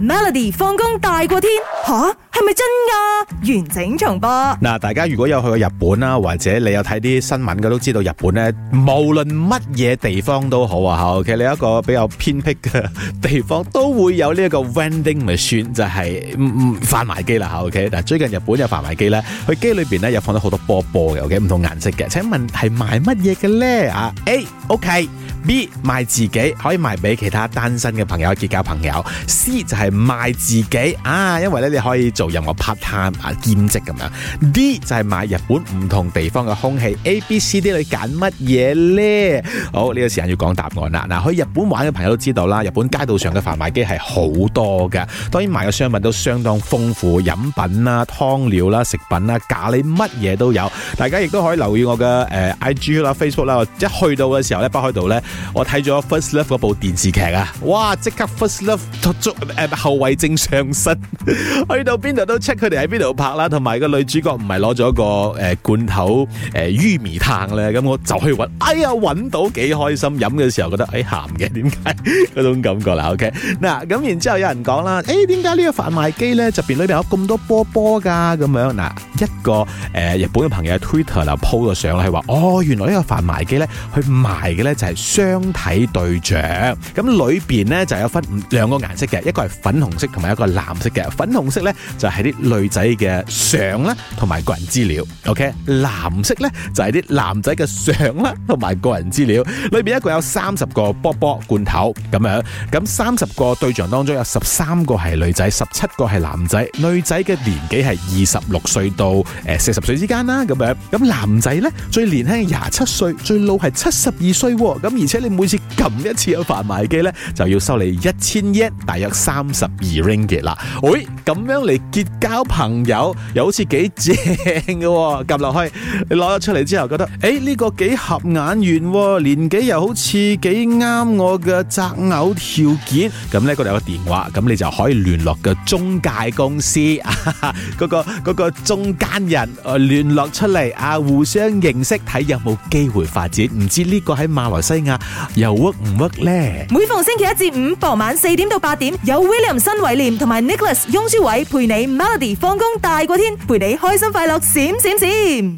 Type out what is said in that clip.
Melody 放工大過天吓，係咪真㗎？完整重播嗱，大家如果有去過日本啦，或者你有睇啲新聞嘅，都知道日本咧，無論乜嘢地方都好啊，OK，你有一個比較偏僻嘅地方都會有呢一個 vending machine，咪算就係、是、嗯嗯販賣機啦，OK，但最近日本有販賣機咧，佢機裏邊咧有放咗好多波波嘅，OK，唔同顏色嘅，請問係賣乜嘢嘅咧？啊、欸，誒，OK。B 賣自己可以賣俾其他單身嘅朋友結交朋友。C 就係賣自己啊，因為咧你可以做任何 part time 啊兼職咁樣。D 就係賣日本唔同地方嘅空氣。A、B、C、D 你揀乜嘢呢？好，呢個時間要講答案啦。嗱，去日本玩嘅朋友都知道啦，日本街道上嘅販賣機係好多㗎。當然賣嘅商品都相當豐富，飲品啦、湯料啦、食品啦、咖喱乜嘢都有。大家亦都可以留意我嘅誒、呃、IG 啦、Facebook 啦，我一去到嘅時候咧，北海道呢我睇咗《First Love》嗰部電視劇啊，哇！即刻《First Love 突突》捉誒後遺症上身，去到邊度都 check 佢哋喺邊度拍啦。同埋個女主角唔係攞咗個誒、呃、罐頭誒玉米炭咧，咁我就去揾哎呀，搵到幾開心！飲嘅時候覺得誒鹹嘅，點解嗰種感覺啦？OK，嗱咁然之後有人講啦，誒、哎，點解呢個販賣機咧，入邊裏邊有咁多波波噶？咁樣嗱，一個誒、呃、日本嘅朋友喺 Twitter 嗱鋪咗相，啦，係話哦，原來這個販呢個販賣機咧，去賣嘅咧就係、是。相體對象咁裏邊呢，就有分兩個顏色嘅，一個係粉紅色同埋一個藍色嘅。粉紅色呢，就係啲女仔嘅相啦，同埋個人資料。OK，藍色呢，就係啲男仔嘅相啦，同埋個人資料。裏邊一共有三十個波波罐頭咁樣，咁三十個對象當中有十三個係女仔，十七個係男仔。女仔嘅年紀係二十六歲到誒四十歲之間啦，咁樣。咁男仔呢，最年輕廿七歲，最老係七十二歲。咁而而且你每次撳一次個販賣機咧，就要收你一千億，大約三十二 ringgit 啦。喂，咁樣嚟結交朋友，又好似幾正嘅喎。撳落去，你攞咗出嚟之後，覺得，誒呢個幾合眼緣，年紀又好似幾啱我嘅擇偶條件。咁咧，佢有個電話，咁你就可以聯絡個中介公司啊，嗰個嗰個中間人聯絡出嚟啊，互相認識睇有冇機會發展。唔知呢個喺馬來西亞又 work 唔 work 咧？每逢星期一至五傍晚四點到八點，有 William 新偉廉同埋 Nicholas 雍書偉陪你 Melody 放工大過天，陪你開心快樂閃閃閃，閃閃閃。